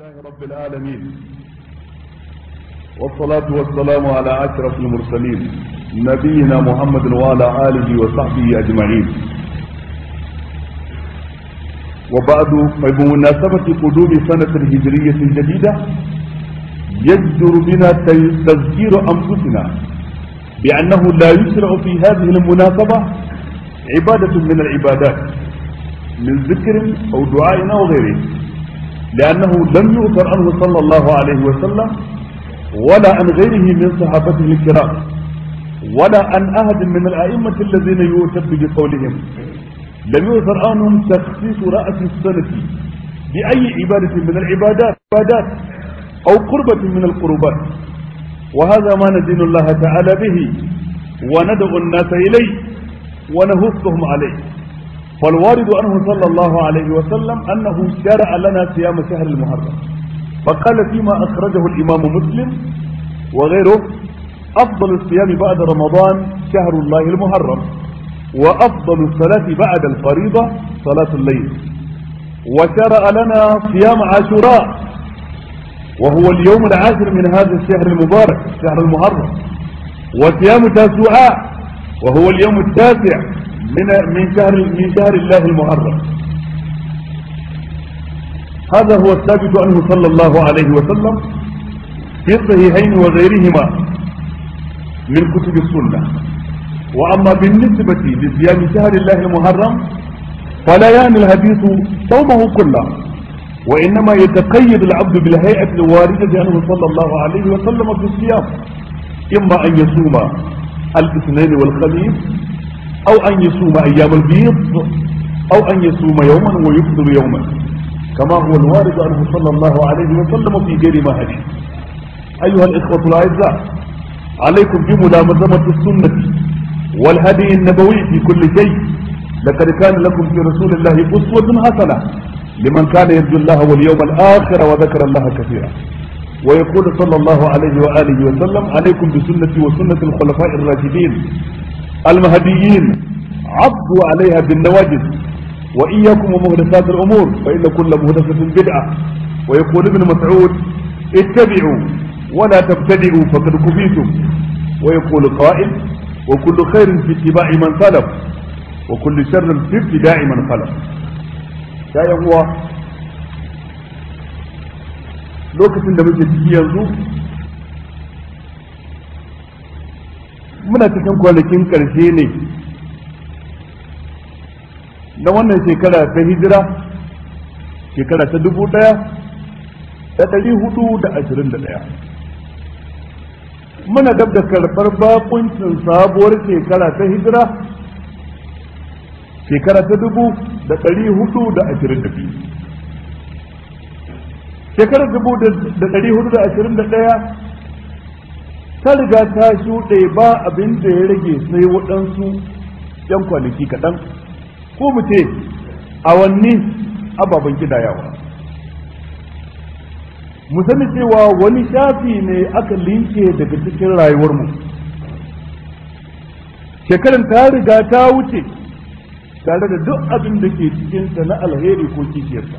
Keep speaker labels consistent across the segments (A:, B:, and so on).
A: لله رب العالمين والصلاة والسلام على أشرف المرسلين نبينا محمد وعلى آله وصحبه أجمعين وبعد بمناسبة قدوم سنة هجرية جديدة يجدر بنا تذكير أنفسنا بأنه لا يسرع في هذه المناسبة عبادة من العبادات من ذكر أو دعاء أو غيره لأنه لم يؤثر عنه صلى الله عليه وسلم ولا عن غيره من صحابته الكرام ولا عن أحد من الأئمة الذين يؤتى بقولهم لم يؤثر عنهم تخصيص رأس السنة بأي عبادة من العبادات عبادات أو قربة من القربات وهذا ما ندين الله تعالى به وندعو الناس إليه ونهفهم عليه فالوارد عنه صلى الله عليه وسلم أنه شرع لنا صيام شهر المحرم فقال فيما أخرجه الإمام مسلم وغيره أفضل الصيام بعد رمضان شهر الله المحرم وأفضل الصلاة بعد الفريضة صلاة الليل وشرع لنا صيام عاشوراء وهو اليوم العاشر من هذا الشهر المبارك شهر المحرم وصيام تاسوعاء وهو اليوم التاسع من من شهر من شهر الله المحرم هذا هو الثابت عنه صلى الله عليه وسلم في الصحيحين وغيرهما من كتب السنة وأما بالنسبة لصيام شهر الله المحرم فلا يعني الحديث صومه كله وإنما يتقيد العبد بالهيئة الواردة عنه صلى الله عليه وسلم في الصيام إما أن يصوم الاثنين والخميس أو أن يصوم أيام البيض أو أن يصوم يوما ويفطر يوما كما هو الوارد عنه صلى الله عليه وسلم في غير ما حديث أيها الإخوة الأعزاء عليكم بملازمة السنة والهدي النبوي في كل شيء لقد كان لكم في رسول الله أسوة حسنة لمن كان يرجو الله واليوم الآخر وذكر الله كثيرا ويقول صلى الله عليه وآله وسلم عليكم بسنتي وسنة الخلفاء الراشدين المهديين عضوا عليها بالنواجذ وإياكم ومهدسات الأمور فإن كل مهدسة بدعة ويقول ابن مسعود اتبعوا ولا تبتدئوا فقد كفيتم ويقول قائل وكل خير في اتباع من سلف وكل شر في ابتداع من خلف يا يهوى لوكس da muke ciki muna cikin kwanakin ƙarshe ne na wannan shekara ta hijira shekara ta dubu ɗaya da ɗari hudu da ashirin da ɗaya muna dab da karɓar bakuncin sabuwar shekara ta hijira shekara ta dubu da ɗari hudu da ashirin da biyu shekarar dubu da ɗari hudu da ashirin da ɗaya ta riga ta shuɗe ba abin da ya rage sai waɗansu ‘yan kwanaki kaɗan ko mu ce awanni ababen yawa mu sani cewa wani shafi ne aka linke daga cikin rayuwarmu shekaran ta riga ta wuce tare da duk abin da ke cikinta na alheri ko kishiyarta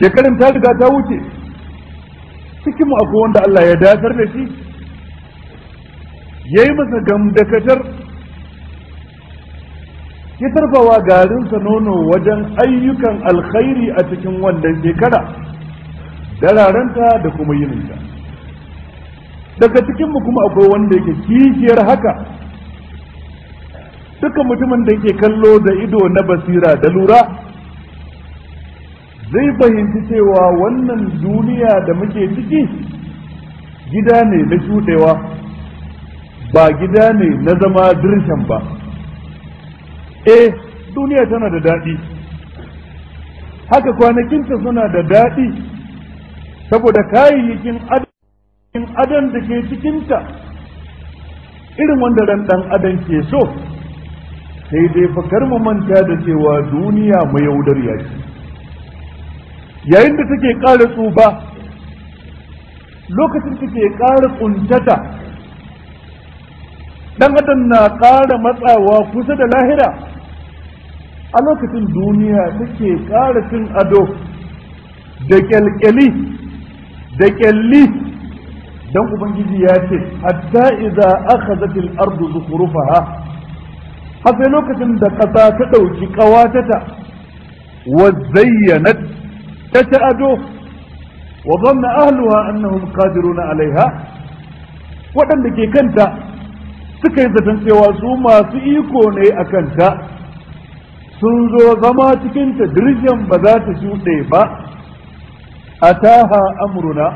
A: shekaran ta riga ta wuce cikin mu akwai wanda Allah ya dasar da shi yayi masa gamdakatar ya tarfawa garinsa nono wajen ayyukan alkhairi a cikin wannan shekara dararanta da kuma yininta daga cikinmu kuma akwai wanda yake kishiyar haka duka mutumin da yake kallo da ido na basira da lura zai fahimci cewa wannan duniya da muke ciki gida ne na shuɗewa ba gida ne na zama dirshan ba eh duniya tana da daɗi haka kwanakinta suna da daɗi saboda kayayyakin adam da ke cikinta irin wanda ran ɗan adam ke so sai dai fakar mu manta da cewa duniya mai yaudar yaki yayin da take ƙara tsufa lokacin take ƙara ƙuntata ɗan adam na ƙara matsawa kusa da lahira a lokacin duniya take ƙara cin ado da kyalkyali da ƙyalli. dan ubangiji ya ce hatta iza aka al-ardu zukhrufaha har sai lokacin da ƙasa ta ɗauki ƙawatata wa zayyanat تتأدوه وظن أهلها أنهم قادرون Alaiha, waɗanda ke kanta suka yi zaton cewa su masu iko ne a kanta sun zo zama cikinta dirjan ba za ta shuɗe ba a taha amuruna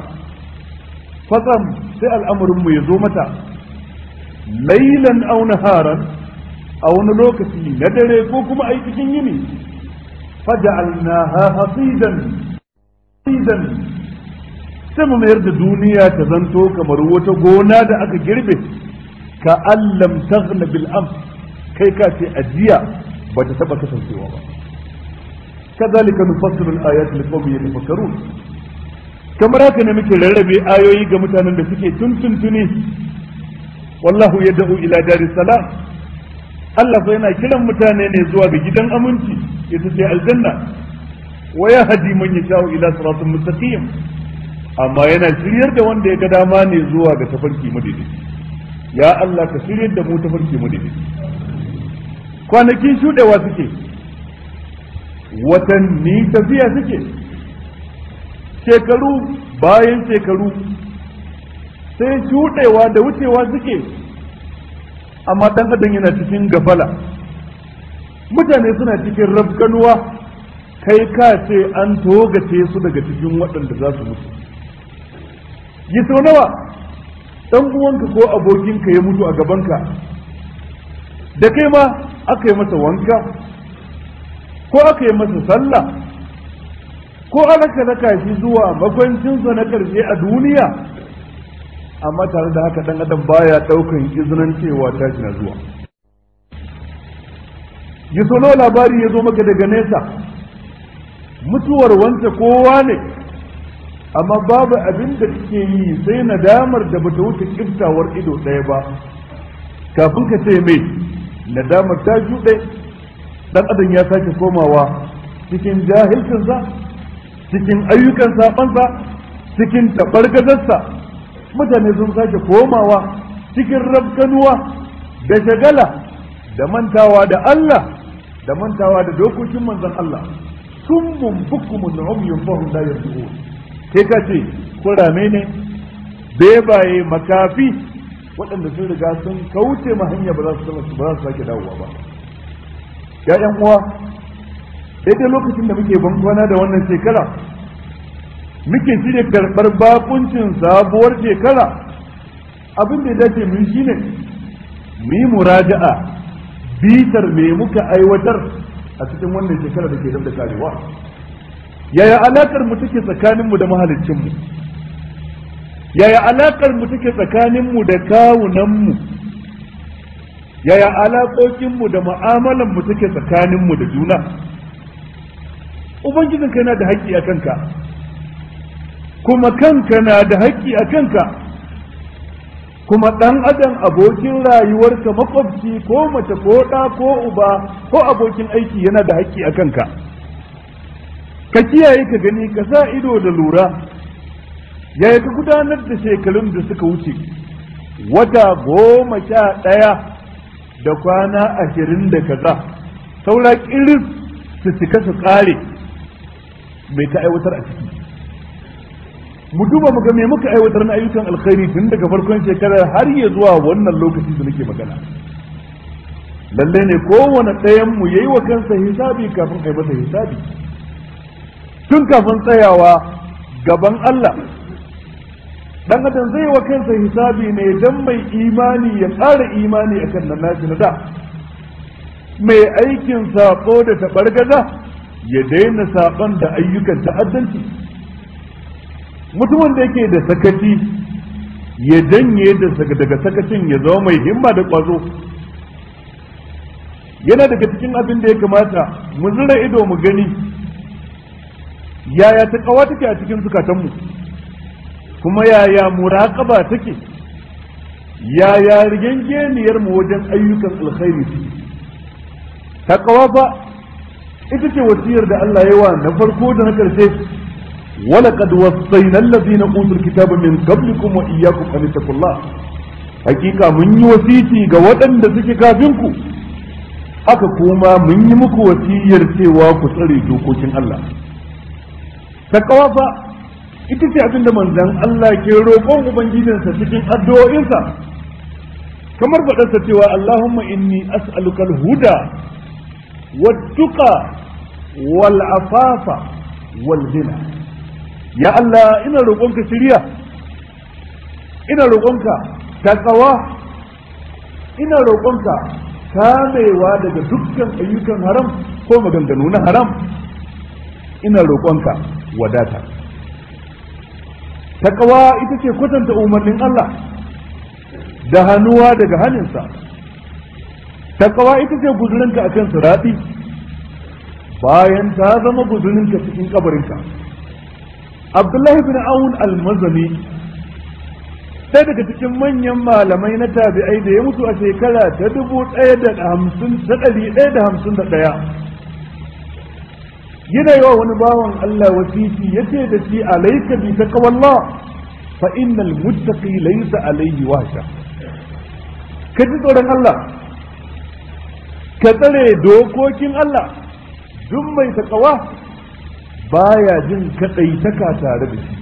A: fatsam sai al'amurinmu ya zo mata lailan auna haran a wani lokaci na dare ko kuma a cikin yini faja'alnaha hasidan hasidan sai mu mayar da duniya ta zanto kamar wata gona da aka girbe ka allam taghna bil kai ka ce jiya ba ta taba kasancewa ba kadhalika nufassilu al ayati liqawmin yatafakkarun kamar haka ne muke rarrabe ayoyi ga mutanen da suke tuntuntuni wallahu yad'u ila daris salam Allah fa yana kiran mutane ne zuwa ga gidan aminci ita sai aljanna wa hadi man yasha'u ila siratin mustaqim amma yana shiryar da wanda ya ga dama ne zuwa ga tafarki madidi ya Allah ka shiryar da mu tafarki madaidaici kwanakin shudewa suke watanni tafiya suke shekaru bayan shekaru sai shudewa da wucewa suke amma dan adam yana cikin gafala mutane suna cikin rabganuwa kai ka ce an togace su daga cikin waɗanda za su mutu yi sau nawa ɗan uwanka ko abokinka ya mutu a gabanka da kai ma aka yi masa wanka ko aka yi masa sallah ko ana raka shi zuwa makwancinsa na ƙarshe a duniya amma tare da haka ɗan adam baya ɗaukan izinin cewa tashi na zuwa ya solo labari ya zo maka daga nesa mutuwar wance kowa ne amma babu abin da suke yi sai nadamar da bata wuce kiftawar ido ɗaya ba kafin ka ce mai nadamar ta juɗe ɗan adam ya sake komawa cikin jahilcinsa cikin ayyukan sabansa cikin tabargazarsa mutane sun sake komawa cikin rabkanuwa da shagala da mantawa da Allah da mantawa da dokokin manzon Allah sun summun bukumun umyun fahum la yarji'un kai ka ce kurame ne bebaye makafi waɗanda sun riga sun kauce ma hanya ba za su ba za su sake dawowa ba Ya ɗan uwa daidai lokacin da muke bankwana da wannan shekara muke shirya karɓar bakuncin sabuwar shekara abin da ya dace mun shine mu yi muraja'a bitar me muka aiwatar a cikin wannan shekara da ke da karewa yaya alakar mu take tsakanin mu da mahaliccin mu yaya alakar mu take tsakanin mu da kawunan mu yaya alakokin mu da mu'amalan mu take tsakanin mu da juna ubangijin kai na da haƙƙi a kanka kuma kanka na da haƙƙi a kanka kuma ɗan adam abokin rayuwarka makwabci ko mace ko ɗa ko uba ko abokin aiki yana da haƙƙi a kanka ka kiyaye ka gani ka sa ido da lura yaya ka gudanar da shekarun da suka wuce wata goma sha ɗaya da kwana ashirin da kaza saura ƙiris su cika su ƙare mai ta aiwatar a ciki mu duba mu ga me muka aiwatar na ayyukan alkhairi tun daga farkon shekarar har ya zuwa wannan lokaci da nake magana lalle ne kowane ɗayan mu yayi wa kansa hisabi kafin kai masa hisabi tun kafin tsayawa gaban Allah dan adam zai wa kansa hisabi ne dan mai imani ya ƙara imani akan nan nashi na da mai aikin sako da tabargaza ya daina sakon da ayyukan ta'addanci mutumin da yake da sakaci ya janye daga sakacin ya zama mai himma da kwazo yana daga cikin abin da ya kamata mu zira ido mu gani yaya ta kawa take a cikin zukatanmu kuma yaya muraƙaba take yaya rigengeniyar mu wajen ayyukan alkhairi ta kawa ba ita ce wasiyar da Allah yawa na farko da na karshe ولقد وصينا الذين اوتوا الكتاب من قبلكم واياكم ان اتقوا الله حقيقه mun yi wasiti ga waɗanda suke kafin ku haka kuma mun yi muku wasiyar cewa ku tsare dokokin Allah takawa fa ita ce abinda manzan Allah ke roƙon ubangijinsa cikin addu'o'insa kamar faɗarsa cewa Allahumma inni as'aluka al-huda wat-tuqa wal-afafa wal-ghina ya Allah ina roƙonka shirya, ina roƙonka takawa ina roƙonka kamewa daga dukkan ayyukan haram ko maganganu na haram ina roƙonka wadata takawa ita ce kwatanta umarnin Allah da hannuwa daga hannunsa takawa ita ce guzurinka kan sirati bayan ta zama guzurinka cikin kabarinka abdullahi bin awun mazani sai daga cikin manyan malamai na tabi'ai da ya mutu a shekara ta dubu ɗaya da hamsin da ɗari ɗaya da hamsin da ɗaya yana wani bawan Allah wasiti ya ce da shi alaika bi ta kawalla fa innal muttaqi laysa alayhi washa ka ji tsoron Allah ka tsare dokokin Allah duk mai takawa baya jin taka tare da shi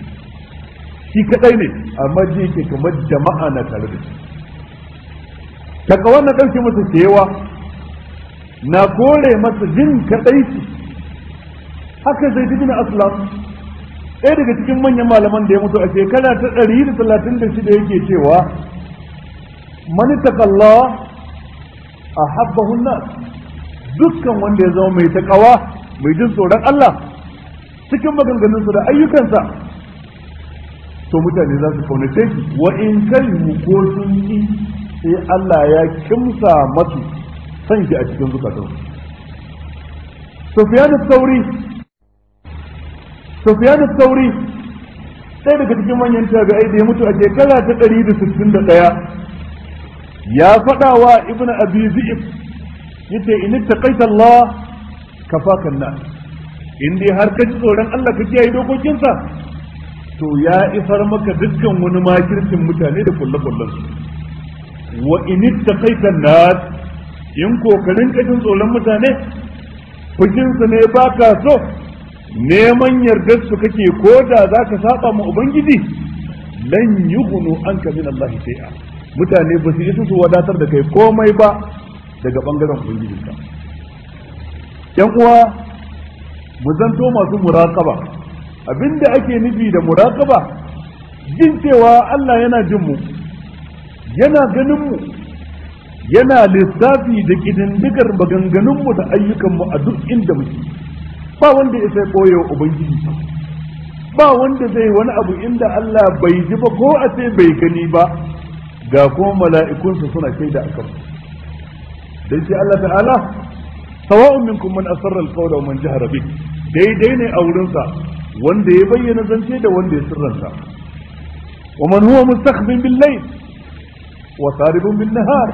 A: shi kadai ne amma ji yake kamar jama'a na tare da shi takawa na ɗauke masa kewa na kore masa jin shi haka zai ji na aslam ɗaya daga cikin manyan malaman da ya mutu a shekara ta ɗari da talatin da shida yake cewa mani takallah a habbahun nas dukkan wanda ya zama mai takawa mai jin tsoron Allah cikin maganganunsa da ayyukansa to mutane za su kaunace shi wa in karihu ko sun yi sai Allah ya kimsa masu san shi a cikin zukatan Sufyan al-Thawri Sufyan al-Thawri sai daga cikin manyan tabi'ai da ya mutu a shekara ta 161 ya faɗa wa Ibn Abi Zi'ib yace in taqaita Allah kafaka nas in dai har ka ji tsoron Allah ka kiyaye dokokinsa to ya isar maka dukkan wani makircin mutane da kullakullan su wa in ittaqaita nas in kokarin kashin tsoron mutane fukinsa su ne baka so neman yardar su kake ko da za ka saba ma ubangiji lan yughnu anka min Allah shay'a mutane ba su yi su wadatar da kai komai ba daga bangaren ubangijinka yan uwa mu zanto masu muraƙaba. abinda ake nufi da muraƙaba, jin cewa Allah yana jin mu yana ganin mu yana lissafi da kidindigar maganganun mu da ayyukan mu a duk inda muke ba wanda ya sai koyo ubangiji ba wanda zai wani abu inda Allah bai ji ba ko a sai bai gani ba ga kuma mala'ikunsa suna shaida a kanmu dan shi Allah ta'ala sawa'un minkum man asarra al-qawla wa man jahara bihi daidai ne a wurinsa wanda ya bayyana zance da wanda ya sirranta wa man huwa mustakhbin bil layl wa saribun bin nahar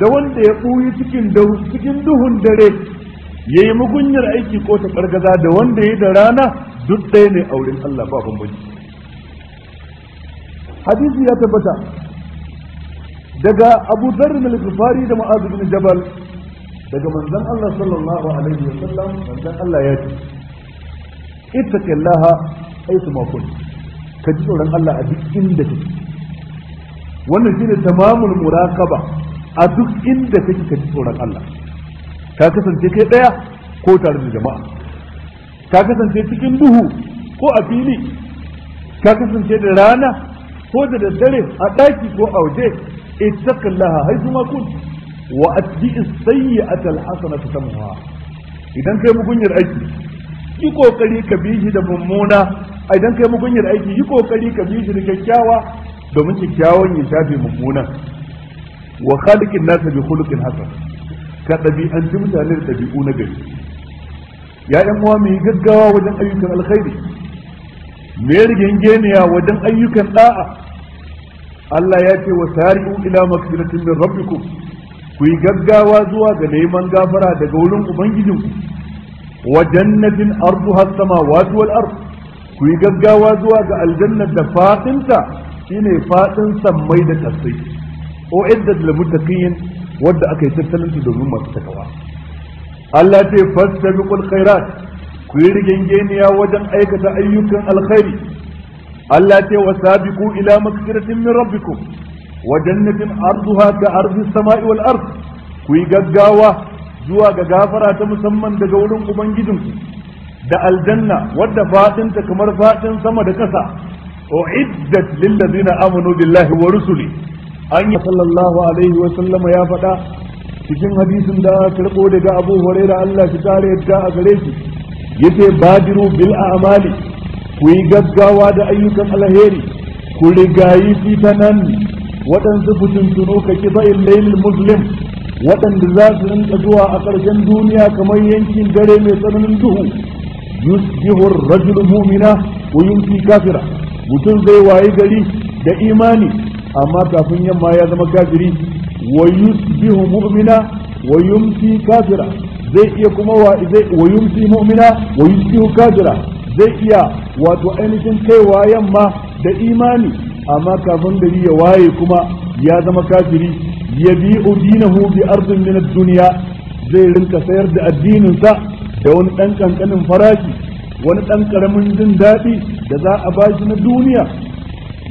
A: da wanda ya buyi cikin cikin duhun dare yayi mugunyar aiki ko ta kargaza da wanda ya da rana duk dai ne a wurin Allah ba bambanci hadisi ya tabbata daga abu zarrin al-ghifari da Mu'adh bin jabal daga manzon Allah sallallahu alaihi wasallam manzon Allah ya ce ittaqillaha aitu ma kun ka ji tsoron Allah a duk inda kake wannan shi shine tamamul muraqaba a duk inda kake ka ji tsoron Allah ka kasance kai daya ko tare da jama'a ka kasance cikin duhu ko a fili ka kasance da rana ko da daddare a ɗaki ko a waje ittaqillaha haitu ma kun wa atbi as-sayyi'ata al-hasanata tamha idan kai mugunyar aiki yi kokari ka bi shi da mummuna idan kai mugunyar aiki yi kokari ka bi shi da kyakkyawa domin kyakkyawan ya shafe mummuna wa khaliqin nasa bi khuluqin hasan ka dabi'anci mutane da ɗabi'u na gari ya yan uwa mu gaggawa wajen ayyukan alkhairi me rigin geniya wajen ayyukan ɗa'a? Allah ya ce wa sari'u ila magfiratin min rabbikum ku yi gaggawa zuwa ga neman gafara daga wurin ubangijinku wa jannatin arduha as-samawati wal ard ku gaggawa zuwa ga aljanna da fadinta shine fadin sammai da kasai o iddat lil muttaqin wadda aka yi tattalin domin masu takawa Allah ce fastabiqul khairat ku yi rigingeniya wajen aikata ayyukan alkhairi Allah ce wasabiqu ila maghfiratin min Wajen wa jannatin arduha ka ardi samai wal ard gaggawa zuwa ga gafara ta musamman daga wurin ubangijinku da aljanna wadda faɗinta kamar fadin sama da kasa uiddat lil ladina amanu billahi wa rusuli an ya sallallahu alaihi wa sallama ya faɗa cikin hadisin da karbo daga Abu da Allah shi tare yadda a gare shi yace badiru bil a'mali ku yi gaggawa da ayyukan alheri ku rigayi fitanan waɗansu fitintunu ka kiba illailil muslim waɗanda za su rinka zuwa a ƙarshen duniya kamar yankin dare mai tsananin duhu yusbihu rajul mu'mina wa yumsi kafira mutum zai wayi gari da imani amma kafin yamma ya zama kafiri wa yusbihu mu'mina wa yumsi kafira zai iya kuma wa zai wa yumsi mu'mina wa yusbihu kafira zai iya wato ainihin kaiwa yamma da imani amma kafin gari ya waye kuma ya zama kafiri yabi'u dinahu bi hubi min na duniya zai rinka sayar da addinin sa da wani dan kankanin farashi wani ɗan ƙaramin jin daɗi da za a ba shi na duniya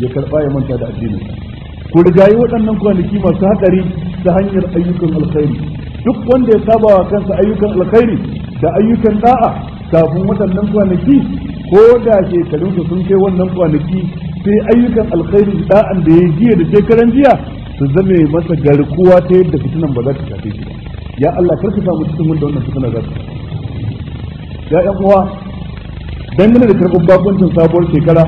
A: ya karba ya manta da addinin ku rigayi waɗannan kwanaki masu haɗari ta hanyar ayyukan alkhairi duk wanda ya saba wa kansa ayyukan alkhairi da ayyukan ɗa'a kafin waɗannan kwanaki ko da shekarunsa sun kai wannan kwanaki sai ayyukan alkhairi ɗa'an da ya jiya da shekaran jiya su zame masa garkuwa ta yadda fitinan ba za ta shafe shi ba ya Allah karka samu cikin wanda wannan fitina za ta ya ƴan uwa dangane da karɓar bakuncin sabuwar shekara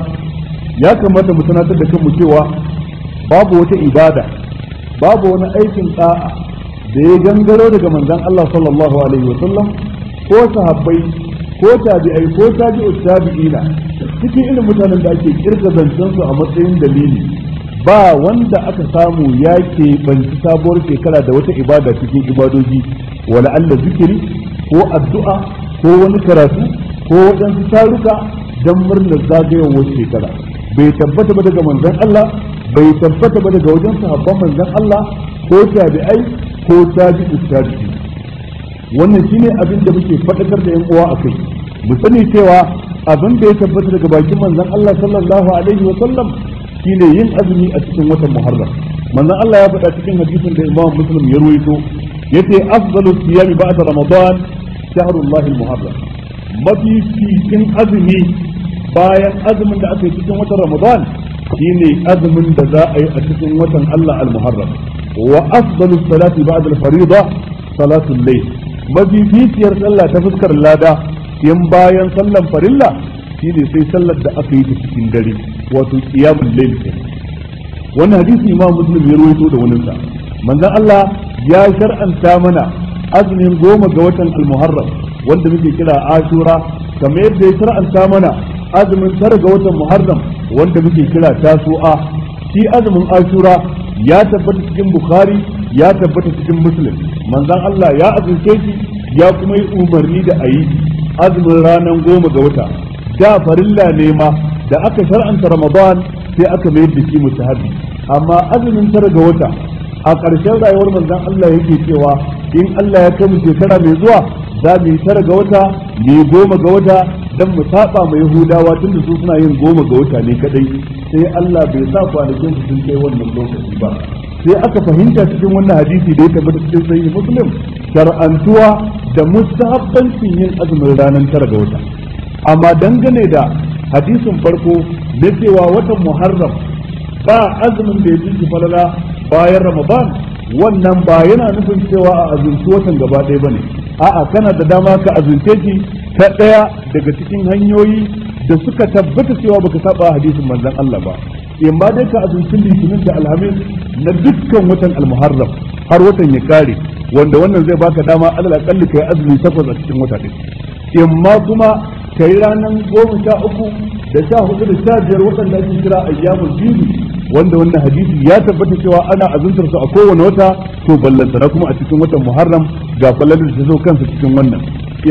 A: ya kamata mu sanatar da kanmu cewa babu wata ibada babu wani aikin da'a da ya gangaro daga manzon Allah sallallahu alaihi wa sallam ko sahabbai ko tabi'ai ko tabi'u, tabi'ina cikin irin mutanen da ake kirga zancen su a matsayin dalili ba wanda aka samu ya ke banci sabuwar shekara da wata ibada cikin ibadoji wani Allah zikiri ko addu'a ko wani karatu ko waɗansu taruka don murnar zagayowar shekara bai tabbata ba daga manzon Allah bai tabbata ba daga wajen sahabban manzon Allah ko tabi'ai ko tabi'u tabi'i wannan shine abin da muke faɗakar da yan uwa a kai. mu sani cewa abin da ya tabbata daga bakin manzon Allah sallallahu alaihi wa sallam shine yin azumi a cikin watan muharram manzon Allah ya faɗa cikin hadisin da Imam Muslim ya ruwaito yace afdalu siyami ba'da ramadan shahrullah muharram mafi cikin azumi bayan azumin da aka yi cikin watan ramadan shine azumin da za a yi a cikin watan Allah al-muharram wa afdalu salati ba'da al-fariida salatu layl mafi fitiyar sallah ta fuskar lada in bayan sallan farilla shine sai sallar da aka yi ta cikin dare wato qiyamul layl wannan hadisi imam muslim ya rawaito da wani sa manzon Allah ya shar'anta mana azumin goma ga watan al-muharram wanda muke kira ashura kamar yadda ya shar'anta mana azumin tara ga watan muharram wanda muke kira tasu'a shi azumin ashura ya tabbata cikin bukhari ya tabbata cikin muslim manzon Allah ya azumce shi ya kuma yi umarni da ayi azumin ranar goma ga wata da farilla ne ma da aka shar'anta ramadan sai aka mayar da shi mustahabi amma azumin tara ga wata a ƙarshen rayuwar manzon Allah yake cewa in Allah ya kai mu shekara mai zuwa za mu yi tara ga wata mu yi goma ga wata dan mu saba mu Yahudawa tunda su suna yin goma ga wata ne kadai sai Allah bai sa kwanakin su sun kai wannan lokaci ba sai aka fahimta cikin wannan hadisi da ya tabbata cikin sahih muslim shar'antuwa da mustahabbancin yin azumin ranar tara ga wata amma dangane da hadisin farko na cewa watan muharram ba azumin da ya ji falala bayan ramadan wannan ba yana nufin cewa a azumci watan gaba ɗaya bane a'a kana da dama ka azumce shi ta ɗaya daga cikin hanyoyi da suka tabbata cewa baka saba hadisin manzon Allah ba in ba dai ka azumci litinin da alhamis na dukkan watan almuharram har watan ya kare wanda wannan zai baka dama alal akalli kai azumi takwas a cikin wata ɗin in kuma ka yi ranar goma sha uku da sha hudu da sha biyar waɗanda ake kira ayyamul bibi wanda wannan hadisi ya tabbata cewa ana azuntar su a kowane wata to ballantana kuma a cikin watan muharram ga falalar da zo kansa cikin wannan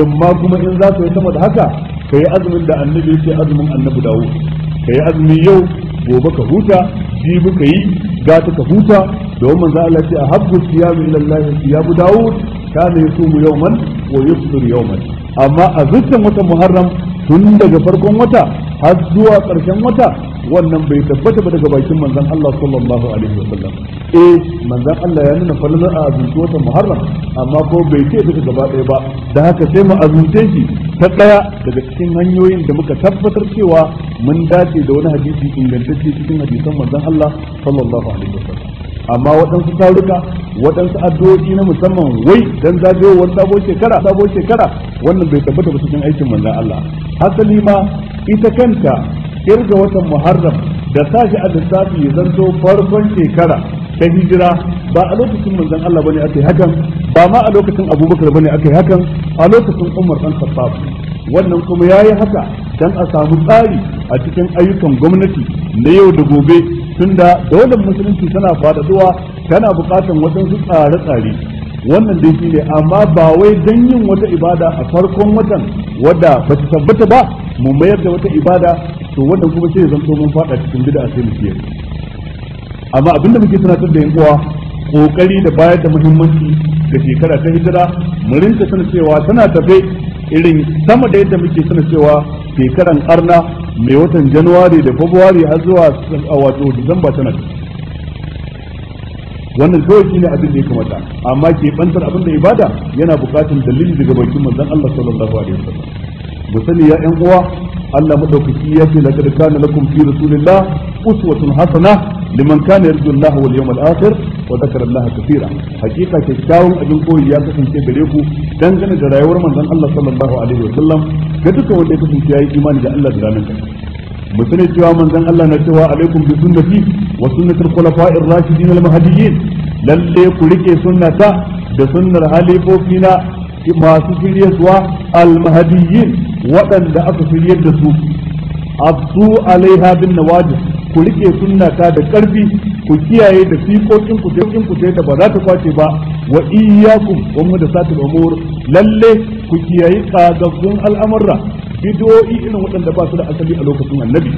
A: amma kuma in za ka yi sama da haka ka yi azumin da annabi yake azumin annabi dawo ka yi azumi yau gobe ka huta jibi ka yi gata ka huta domin za a ce a habbu siyamu ila siyamu Dawud kana yusumu yawman wa yau yawman amma a zuciyar watan muharram tun daga farkon wata har zuwa ƙarshen wata wannan bai tabbata ba daga bakin manzan Allah sallallahu alaihi wasallam eh manzan Allah ya nuna falalar a azumci wata Muharram amma ko bai ce daga gaba ɗaya ba da haka sai mu azumta shi ta ɗaya daga cikin hanyoyin da muka tabbatar cewa mun dace da wani hadisi ingantacce cikin hadisan manzan Allah sallallahu alaihi wasallam amma waɗansu taruka waɗansu addu'o'i na musamman wai dan zagayowar sabo shekara sabon shekara wannan bai tabbata ba cikin aikin manzan Allah hasali ma ita kan kanta kirga watan muharram da sashi a lissafi ya zanto farkon shekara ta hijira ba a lokacin manzon Allah bane ake hakan ba ma a lokacin Abubakar bane aka yi hakan a lokacin Umar dan Khattab wannan kuma yayi haka dan a samu tsari a cikin ayyukan gwamnati na yau da gobe tunda daular musulunci tana faɗaɗuwa tana buƙatar su tsare-tsare wannan dai shine amma ba wai dan yin wata ibada a farkon watan wadda ba ta tabbata ba mu mayar da wata ibada to wannan kuma sai zanto mun fada cikin bid'a sai mu kiyaye amma abinda muke tunatar da yan uwa kokari da bayar da muhimmanci ga shekara ta hijira mu rinka sana cewa tana tafe irin sama da yadda muke sana cewa shekaran arna mai watan januwari da february har zuwa wato disamba tana tafe wannan kawai shi ne abin da ya kamata amma ke bantar abin da ibada yana bukatun dalili daga bakin manzon Allah sallallahu alaihi wasallam mu sani ya ƴan uwa Allah madaukaki ya ce laqad kana lakum fi rasulillah uswatun hasana liman kana yarju Allah wal yawmal akhir wa dhakara Allah kaseera hakika kyakkyawan abin koyi ya kasance gare ku dangane da rayuwar manzon Allah sallallahu alaihi wa sallam ga duka wanda ya kasance yayi imani da Allah da ranar ƙarshe mu sani cewa manzon Allah na cewa alaikum bi sunnati wa sunnatul khulafa'ir rashidin al mahdiyyin lalle ku rike sunnata da sunnar na. masu al almahadiyyin waɗanda aka shiryar da su absu alaiha bin nawajis ku rike ta da ƙarfi ku kiyaye da fiƙoƙin ku sai ku sai da ba za ta kwace ba wa iyyakum wa mudasatil umur lalle ku kiyaye kagaggun al'amurra bid'o'i irin waɗanda ba su da asali a lokacin annabi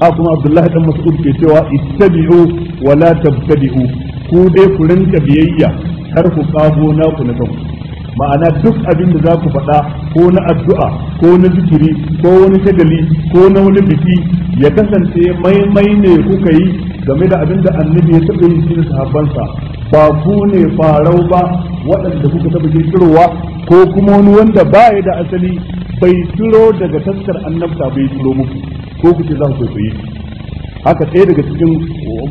A: a kuma abdullahi dan mas'ud ke cewa ittabi'u wa la tabtadi'u ku dai ku rinka biyayya kar ku kago naku ku na kanku ma'ana duk abin da za ku faɗa ko na addu'a ko na zikiri ko wani shagali ko na wani biki ya kasance maimai ne kuka yi game da abin da annabi ya taɓa yi cikin sahabbansa ba ku ne farau ba waɗanda kuka taɓa kirkirowa ko kuma wani wanda ba ya da asali bai turo daga taskar annabta bai turo muku ko kuke za ku kwaikwayi haka ɗaya daga cikin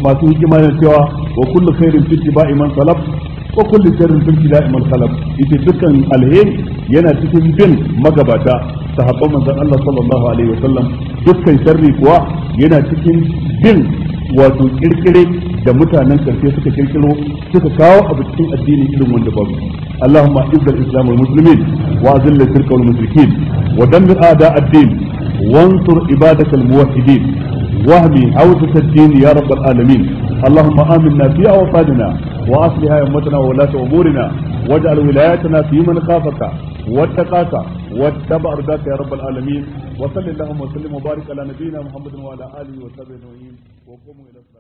A: masu hikima na cewa wa kullu khairin fi ittiba'i man salaf wa kullu sharrin fil kida'i mal khalaq ita dukkan alheri yana cikin bin magabata sahabban manzon Allah sallallahu alaihi wa sallam dukkan sharri kuwa yana cikin bin wato kirkire da mutanen karshe suka kirkiro suka kawo abu cikin addini irin wanda babu اللهم اعز الاسلام والمسلمين واذل الشرك والمشركين ودمر اعداء الدين وانصر عبادك الموحدين واهمي عوده الدين يا رب العالمين اللهم آمنا في أوطاننا وأصلح أئمتنا وولاة أمورنا واجعل ولايتنا في من خافك واتقاك واتبع رضاك يا رب العالمين وصل اللهم وسلم وبارك على نبينا محمد وعلى آله وصحبه أجمعين وقوموا إلى الصلاة